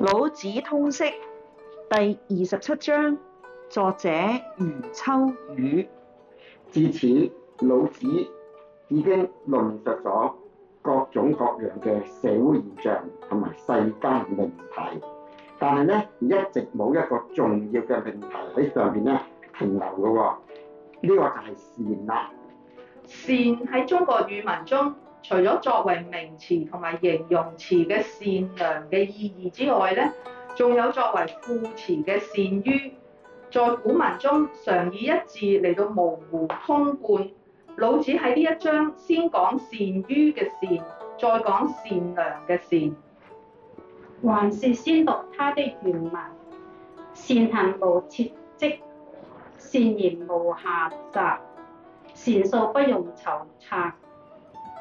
老子通釋第二十七章，作者余秋雨。至此，老子已經論述咗各種各樣嘅社會現象同埋世間命題，但係咧一直冇一個重要嘅命題喺上邊咧停留嘅。呢個就係善啦。善喺中國語文中。除咗作為名詞同埋形容詞嘅善良嘅意義之外呢，咧，仲有作為副詞嘅善於，在古文中常以一字嚟到模糊通貫。老子喺呢一章先講善於嘅善，再講善良嘅善，還是先讀他的原文：善行無切跡，善言無瑕讁，善數不用籌策。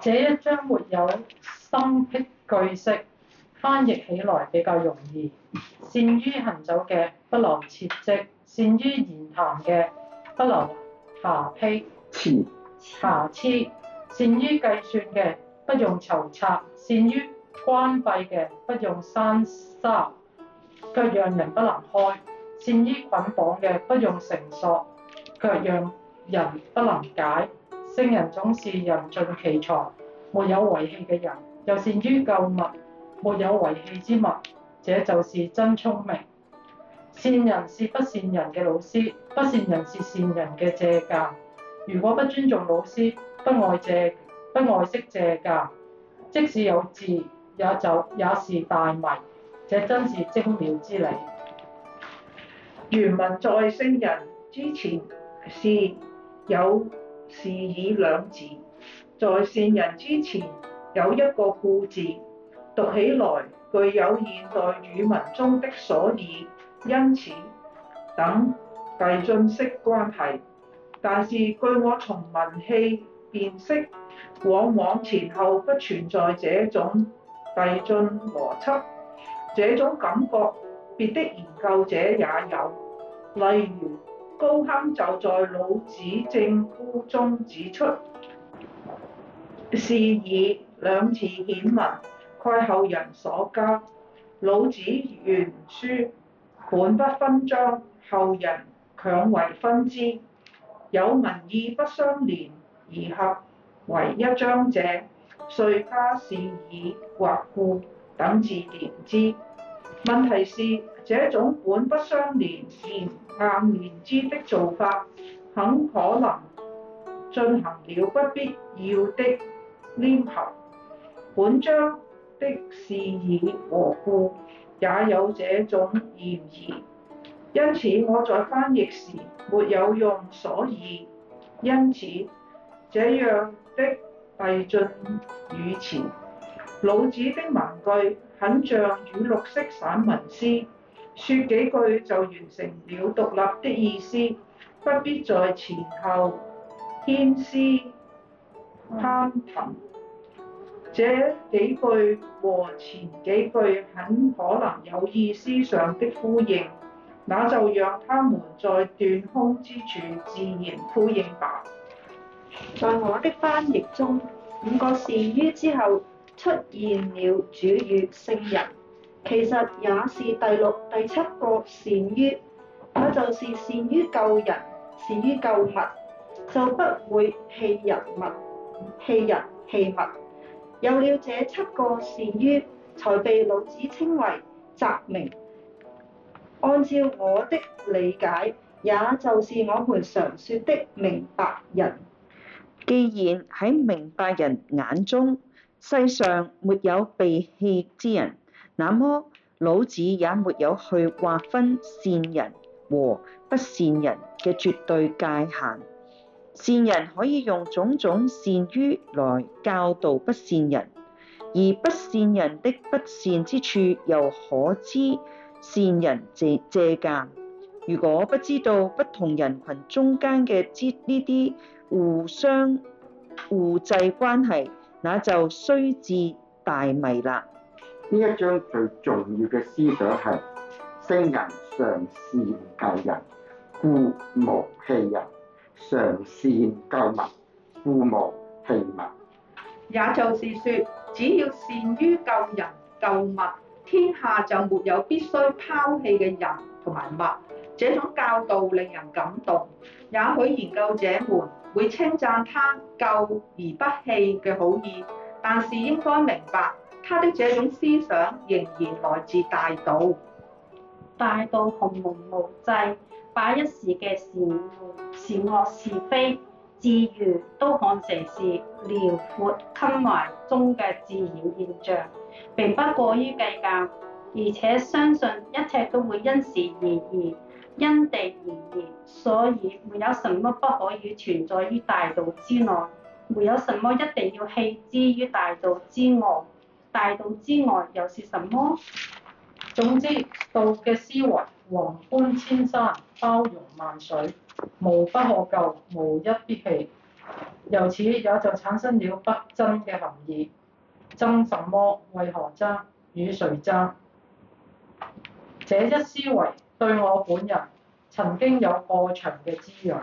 這一章沒有生僻句式，翻譯起來比較容易。善於行走嘅，不留轍跡；善於言談嘅，不留瑕疵；瑕疵。善於計算嘅，不用籌策；善於關閉嘅，不用閂鎖。卻讓人不能開。善於捆綁嘅，不用繩索；卻讓人不能解。聖人總是人盡其才，沒有遺棄嘅人，又善於救物，沒有遺棄之物，這就是真聰明。善人是不善人嘅老師，不善人是善人嘅借鑒。如果不尊重老師，不愛借，不愛惜借鑒，即使有智，也就也是大迷。這真是精妙之理。原文在聖人之前是有，是以兩字，在善人之前有一個故字，讀起來具有現代語文中的所以、因此等遞進式關係。但是據我從文氣辨識，往往前後不存在這種遞進邏輯。這種感覺，別的研究者也有，例如。高亨就在《老子正詁》中指出，是以兩次顯文，蓋後人所加。老子原書本不分章，後人強為分之，有文意不相連而合為一章者，遂加是以或故等字連之。問題是。這種本不相連言硬言之的做法，很可能進行了不必要的黏合。本章的是以和故也有這種嫌疑，因此我在翻譯時沒有用所以、因此這樣的遞進語詞。老子的文句很像語綠色散文詩。説幾句就完成了獨立的意思，不必在前後牽絲攀藤。這幾句和前幾句很可能有意思上的呼應，那就讓他們在斷空之處自然呼應吧。在我的翻譯中，五個善於之後出現了主語聖人。其實也是第六、第七個善於，那就是善於救人、善於救物，就不會棄人物、棄人、棄物。有了這七個善於，才被老子稱為襲明。按照我的理解，也就是我們常說的明白人。既然喺明白人眼中，世上沒有被棄之人。那麼，老子也沒有去劃分善人和不善人嘅絕對界限。善人可以用種種善於來教導不善人，而不善人的不善之處又可資善人借借鑑。如果不知道不同人群中間嘅呢啲互相互濟關係，那就雖智大迷啦。呢一章最重要嘅思想係聖人常善救人，故無棄人；常善救物，故無棄物。也就是說，只要善於救人救物，天下就沒有必須拋棄嘅人同埋物。這種教導令人感動，也許研究者們會稱讚他救而不棄嘅好意，但是應該明白。他的這種思想仍然來自大道。大道鴻蒙無際，把一時嘅善惡是非智愚都看成是遼闊襟懷中嘅自然現象，並不過於計較，而且相信一切都會因時而異，因地而異，所以沒有什麼不可以存在於大道之內，沒有什麼一定要棄之於大道之外。大道之外又是什麼？總之，道嘅思維宏觀千山，包容萬水，無不可救，無一必棄。由此也就產生了不爭嘅含義。爭什麼？為何爭？與誰爭？這一思維對我本人曾經有過長嘅滋養。